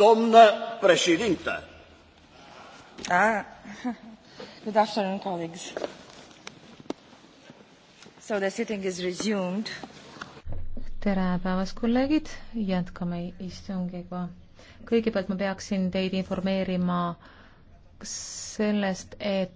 Doamnă președintă! Ah. Good afternoon, colleagues. So the sitting is resumed. tere päevast, kolleegid, jätkame istungiga. kõigepealt ma peaksin teid informeerima sellest, et